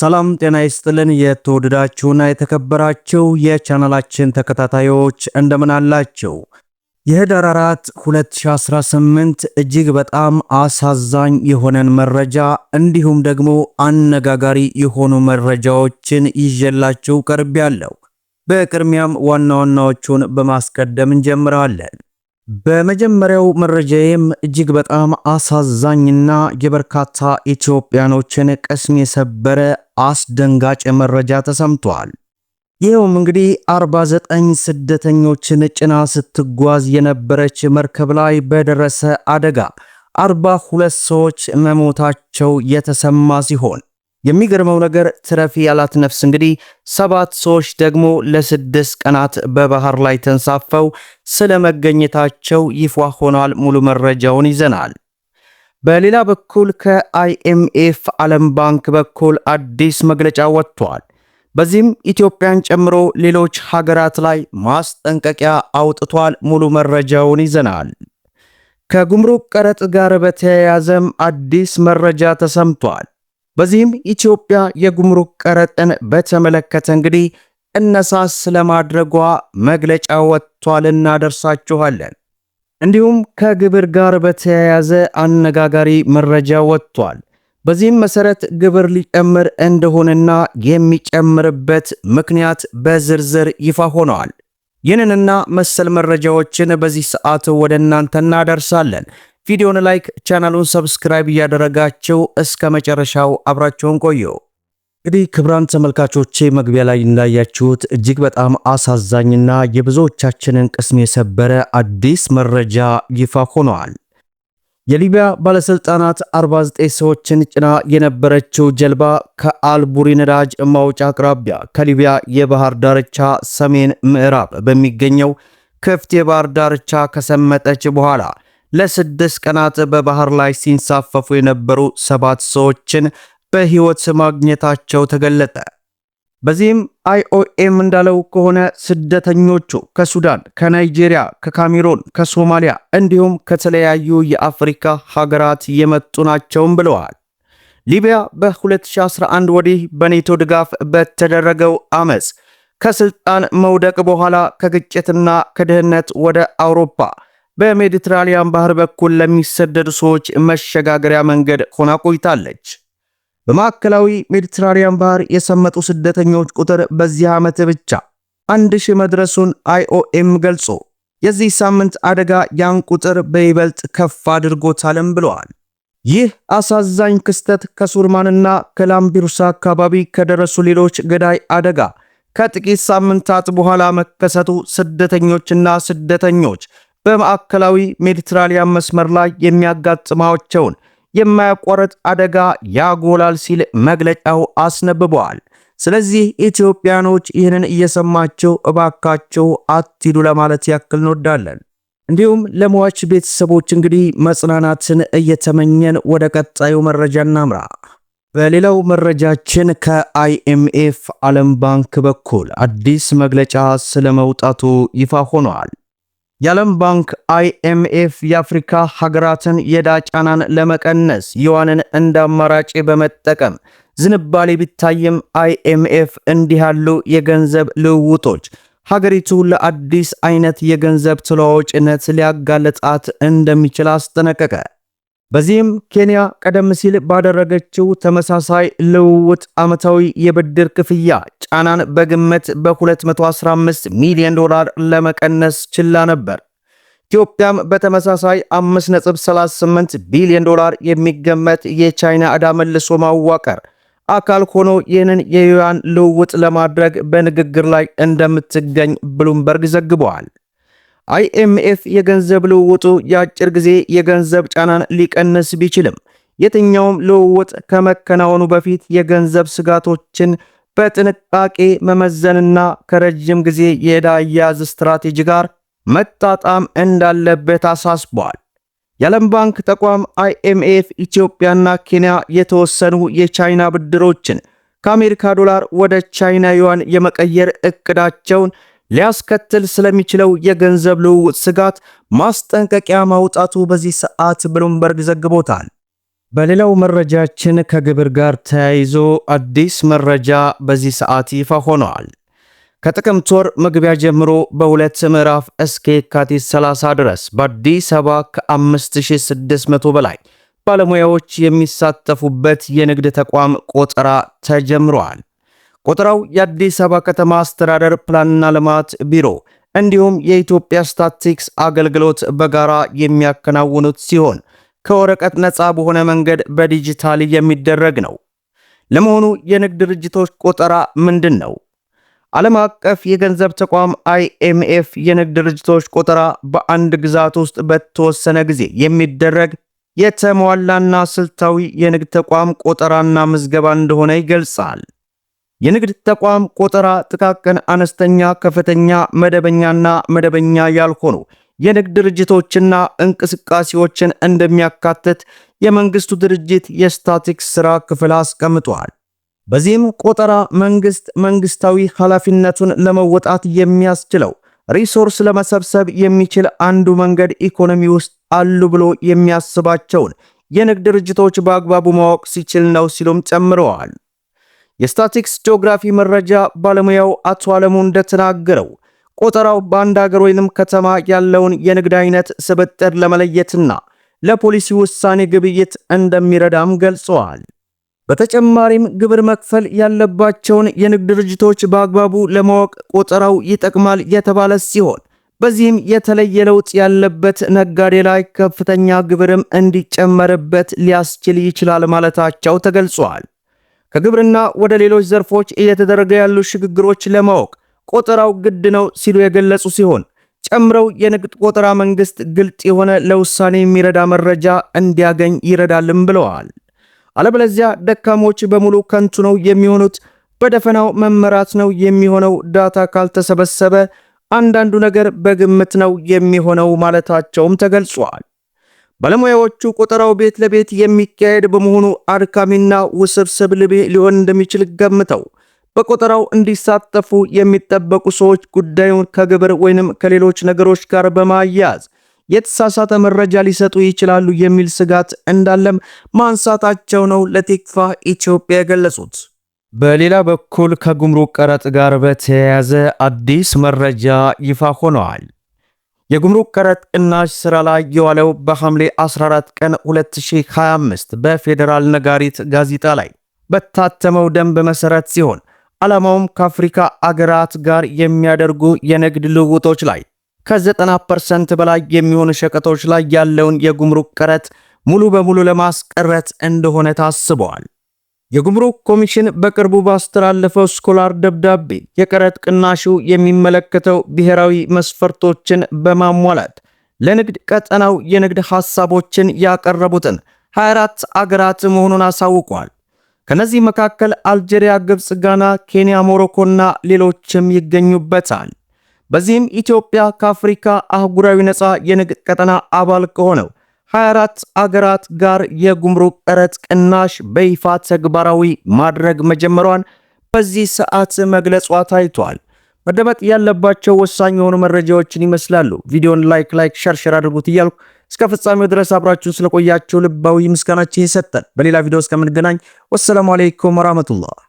ሰላም ጤና ይስጥልን። የተወደዳችሁና የተከበራችሁ የቻናላችን ተከታታዮች እንደምን አላችሁ? የህዳር 4 2018 እጅግ በጣም አሳዛኝ የሆነን መረጃ እንዲሁም ደግሞ አነጋጋሪ የሆኑ መረጃዎችን ይዤላችሁ ቀርቤያለሁ። በቅድሚያም ዋና ዋናዎቹን በማስቀደም እንጀምራለን። በመጀመሪያው መረጃዬም እጅግ በጣም አሳዛኝና የበርካታ ኢትዮጵያኖችን ቅስም የሰበረ አስደንጋጭ መረጃ ተሰምቷል። ይኸውም እንግዲህ 49 ስደተኞችን ጭና ስትጓዝ የነበረች መርከብ ላይ በደረሰ አደጋ 42 ሰዎች መሞታቸው የተሰማ ሲሆን የሚገርመው ነገር ትረፊ ያላት ነፍስ እንግዲህ ሰባት ሰዎች ደግሞ ለስድስት ቀናት በባህር ላይ ተንሳፈው ስለመገኘታቸው ይፋ ሆኗል። ሙሉ መረጃውን ይዘናል። በሌላ በኩል ከአይኤምኤፍ ዓለም ባንክ በኩል አዲስ መግለጫ ወጥቷል። በዚህም ኢትዮጵያን ጨምሮ ሌሎች ሀገራት ላይ ማስጠንቀቂያ አውጥቷል። ሙሉ መረጃውን ይዘናል። ከጉምሩክ ቀረጥ ጋር በተያያዘም አዲስ መረጃ ተሰምቷል። በዚህም ኢትዮጵያ የጉምሩክ ቀረጥን በተመለከተ እንግዲህ እነሳ ስለማድረጓ መግለጫ ወጥቷል፣ እናደርሳችኋለን። እንዲሁም ከግብር ጋር በተያያዘ አነጋጋሪ መረጃ ወጥቷል። በዚህም መሰረት ግብር ሊጨምር እንደሆነና የሚጨምርበት ምክንያት በዝርዝር ይፋ ሆነዋል። ይህንንና መሰል መረጃዎችን በዚህ ሰዓት ወደ እናንተ እናደርሳለን። ቪዲዮን ላይክ፣ ቻናሉን ሰብስክራይብ እያደረጋችሁ እስከ መጨረሻው አብራቸውን ቆዩ። እንግዲህ ክብራን ተመልካቾቼ መግቢያ ላይ እንዳያችሁት እጅግ በጣም አሳዛኝና የብዙዎቻችንን ቅስም የሰበረ አዲስ መረጃ ይፋ ሆነዋል። የሊቢያ ባለስልጣናት 49 ሰዎችን ጭና የነበረችው ጀልባ ከአልቡሪ ነዳጅ ማውጫ አቅራቢያ ከሊቢያ የባህር ዳርቻ ሰሜን ምዕራብ በሚገኘው ክፍት የባህር ዳርቻ ከሰመጠች በኋላ ለስድስት ቀናት በባህር ላይ ሲንሳፈፉ የነበሩ ሰባት ሰዎችን በህይወት ማግኘታቸው ተገለጠ። በዚህም አይኦኤም እንዳለው ከሆነ ስደተኞቹ ከሱዳን፣ ከናይጄሪያ፣ ከካሜሮን፣ ከሶማሊያ እንዲሁም ከተለያዩ የአፍሪካ ሀገራት የመጡ ናቸውም ብለዋል። ሊቢያ በ2011 ወዲህ በኔቶ ድጋፍ በተደረገው አመፅ ከስልጣን መውደቅ በኋላ ከግጭትና ከድህነት ወደ አውሮፓ በሜዲትራኒያን ባህር በኩል ለሚሰደዱ ሰዎች መሸጋገሪያ መንገድ ሆና ቆይታለች። በማዕከላዊ ሜዲትራኒያን ባህር የሰመጡ ስደተኞች ቁጥር በዚህ ዓመት ብቻ አንድ ሺህ መድረሱን አይኦኤም ገልጾ የዚህ ሳምንት አደጋ ያን ቁጥር በይበልጥ ከፍ አድርጎታልም ብለዋል። ይህ አሳዛኝ ክስተት ከሱርማንና ከላምቢሩሳ አካባቢ ከደረሱ ሌሎች ገዳይ አደጋ ከጥቂት ሳምንታት በኋላ መከሰቱ ስደተኞችና ስደተኞች በማዕከላዊ ሜዲትራሊያን መስመር ላይ የሚያጋጥማቸውን የማያቋረጥ አደጋ ያጎላል ሲል መግለጫው አስነብበዋል። ስለዚህ ኢትዮጵያኖች ይህንን እየሰማችሁ እባካችሁ አትሂዱ ለማለት ያክል እንወዳለን። እንዲሁም ለሟች ቤተሰቦች እንግዲህ መጽናናትን እየተመኘን ወደ ቀጣዩ መረጃ እናምራ። በሌላው መረጃችን ከአይኤምኤፍ ዓለም ባንክ በኩል አዲስ መግለጫ ስለመውጣቱ ይፋ ሆኗል። የዓለም ባንክ አይኤምኤፍ የአፍሪካ ሀገራትን የዕዳ ጫናን ለመቀነስ ዩዋንን እንደ አማራጭ በመጠቀም ዝንባሌ ቢታይም አይኤምኤፍ እንዲህ ያሉ የገንዘብ ልውውጦች ሀገሪቱ ለአዲስ አይነት የገንዘብ ተለዋዋጭነት ሊያጋለጣት እንደሚችል አስጠነቀቀ። በዚህም ኬንያ ቀደም ሲል ባደረገችው ተመሳሳይ ልውውጥ ዓመታዊ የብድር ክፍያ ጫናን በግምት በ215 ሚሊዮን ዶላር ለመቀነስ ችላ ነበር። ኢትዮጵያም በተመሳሳይ 5.38 ቢሊዮን ዶላር የሚገመት የቻይና ዕዳ መልሶ ማዋቀር አካል ሆኖ ይህንን የዩዋን ልውውጥ ለማድረግ በንግግር ላይ እንደምትገኝ ብሉምበርግ ዘግበዋል። አይኤምኤፍ የገንዘብ ልውውጡ የአጭር ጊዜ የገንዘብ ጫናን ሊቀንስ ቢችልም የትኛውም ልውውጥ ከመከናወኑ በፊት የገንዘብ ስጋቶችን በጥንቃቄ መመዘንና ከረጅም ጊዜ የዕዳ አያያዝ ስትራቴጂ ጋር መጣጣም እንዳለበት አሳስቧል። የዓለም ባንክ ተቋም አይኤምኤፍ ኢትዮጵያና ኬንያ የተወሰኑ የቻይና ብድሮችን ከአሜሪካ ዶላር ወደ ቻይና ዩዋን የመቀየር እቅዳቸውን ሊያስከትል ስለሚችለው የገንዘብ ልውውጥ ስጋት ማስጠንቀቂያ ማውጣቱ በዚህ ሰዓት ብሉምበርግ ዘግቦታል። በሌላው መረጃችን ከግብር ጋር ተያይዞ አዲስ መረጃ በዚህ ሰዓት ይፋ ሆነዋል። ከጥቅምት ወር መግቢያ ጀምሮ በሁለት ምዕራፍ እስከ የካቲት 30 ድረስ በአዲስ አበባ ከ5600 በላይ ባለሙያዎች የሚሳተፉበት የንግድ ተቋም ቆጠራ ተጀምረዋል። ቆጠራው የአዲስ አበባ ከተማ አስተዳደር ፕላንና ልማት ቢሮ እንዲሁም የኢትዮጵያ ስታቲክስ አገልግሎት በጋራ የሚያከናውኑት ሲሆን ከወረቀት ነፃ በሆነ መንገድ በዲጂታል የሚደረግ ነው። ለመሆኑ የንግድ ድርጅቶች ቆጠራ ምንድን ነው? ዓለም አቀፍ የገንዘብ ተቋም አይኤምኤፍ የንግድ ድርጅቶች ቆጠራ በአንድ ግዛት ውስጥ በተወሰነ ጊዜ የሚደረግ የተሟላና ስልታዊ የንግድ ተቋም ቆጠራና ምዝገባ እንደሆነ ይገልጻል። የንግድ ተቋም ቆጠራ ጥቃቅን፣ አነስተኛ፣ ከፍተኛ፣ መደበኛና መደበኛ ያልሆኑ የንግድ ድርጅቶችና እንቅስቃሴዎችን እንደሚያካትት የመንግስቱ ድርጅት የስታቲክስ ስራ ክፍል አስቀምጧል። በዚህም ቆጠራ መንግስት መንግስታዊ ኃላፊነቱን ለመወጣት የሚያስችለው ሪሶርስ ለመሰብሰብ የሚችል አንዱ መንገድ ኢኮኖሚ ውስጥ አሉ ብሎ የሚያስባቸውን የንግድ ድርጅቶች በአግባቡ ማወቅ ሲችል ነው ሲሉም ጨምረዋል። የስታቲክስ ጂኦግራፊ መረጃ ባለሙያው አቶ አለሙ እንደተናገረው ቆጠራው በአንድ አገር ወይንም ከተማ ያለውን የንግድ አይነት ስብጥር ለመለየትና ለፖሊሲ ውሳኔ ግብይት እንደሚረዳም ገልጸዋል። በተጨማሪም ግብር መክፈል ያለባቸውን የንግድ ድርጅቶች በአግባቡ ለማወቅ ቆጠራው ይጠቅማል የተባለ ሲሆን በዚህም የተለየ ለውጥ ያለበት ነጋዴ ላይ ከፍተኛ ግብርም እንዲጨመርበት ሊያስችል ይችላል ማለታቸው ተገልጿል። ከግብርና ወደ ሌሎች ዘርፎች እየተደረገ ያሉ ሽግግሮች ለማወቅ ቆጠራው ግድ ነው ሲሉ የገለጹ ሲሆን ጨምረው የንግድ ቆጠራ መንግስት ግልጥ የሆነ ለውሳኔ የሚረዳ መረጃ እንዲያገኝ ይረዳልም ብለዋል። አለበለዚያ ደካሞች በሙሉ ከንቱ ነው የሚሆኑት፣ በደፈናው መመራት ነው የሚሆነው። ዳታ ካልተሰበሰበ አንዳንዱ ነገር በግምት ነው የሚሆነው ማለታቸውም ተገልጿል። ባለሙያዎቹ ቆጠራው ቤት ለቤት የሚካሄድ በመሆኑ አድካሚና ውስብስብ ልቤ ሊሆን እንደሚችል ገምተው በቆጠራው እንዲሳተፉ የሚጠበቁ ሰዎች ጉዳዩን ከግብር ወይንም ከሌሎች ነገሮች ጋር በማያያዝ የተሳሳተ መረጃ ሊሰጡ ይችላሉ የሚል ስጋት እንዳለም ማንሳታቸው ነው ለቲክፋ ኢትዮጵያ የገለጹት። በሌላ በኩል ከጉምሩክ ቀረጥ ጋር በተያያዘ አዲስ መረጃ ይፋ ሆነዋል። የጉምሩክ ቀረጥ ቅናሽ ስራ ላይ የዋለው በሐምሌ 14 ቀን 2025 በፌዴራል ነጋሪት ጋዜጣ ላይ በታተመው ደንብ መሠረት ሲሆን ዓላማውም ከአፍሪካ አገራት ጋር የሚያደርጉ የንግድ ልውውጦች ላይ ከ90% በላይ የሚሆኑ ሸቀጦች ላይ ያለውን የጉምሩክ ቀረጥ ሙሉ በሙሉ ለማስቀረት እንደሆነ ታስበዋል። የጉምሩክ ኮሚሽን በቅርቡ ባስተላለፈው ስኮላር ደብዳቤ የቀረጥ ቅናሹ የሚመለከተው ብሔራዊ መስፈርቶችን በማሟላት ለንግድ ቀጠናው የንግድ ሐሳቦችን ያቀረቡትን 24 አገራት መሆኑን አሳውቋል። ከነዚህ መካከል አልጄሪያ፣ ግብፅ፣ ጋና፣ ኬንያ፣ ሞሮኮና ሌሎችም ይገኙበታል። በዚህም ኢትዮጵያ ከአፍሪካ አህጉራዊ ነፃ የንግድ ቀጠና አባል ከሆነው 24 አገራት ጋር የጉምሩክ ቀረጥ ቅናሽ በይፋ ተግባራዊ ማድረግ መጀመሯን በዚህ ሰዓት መግለጿ ታይቷል። መደመጥ ያለባቸው ወሳኝ የሆኑ መረጃዎችን ይመስላሉ። ቪዲዮን ላይክ ላይክ ሸርሸር አድርጉት እያልኩ እስከ ፍጻሜው ድረስ አብራችሁን ስለቆያችሁ ልባዊ ምስጋናችን ይሰጠን። በሌላ ቪዲዮ እስከምንገናኝ ወሰላሙ አሌይኩም ወራህመቱላህ።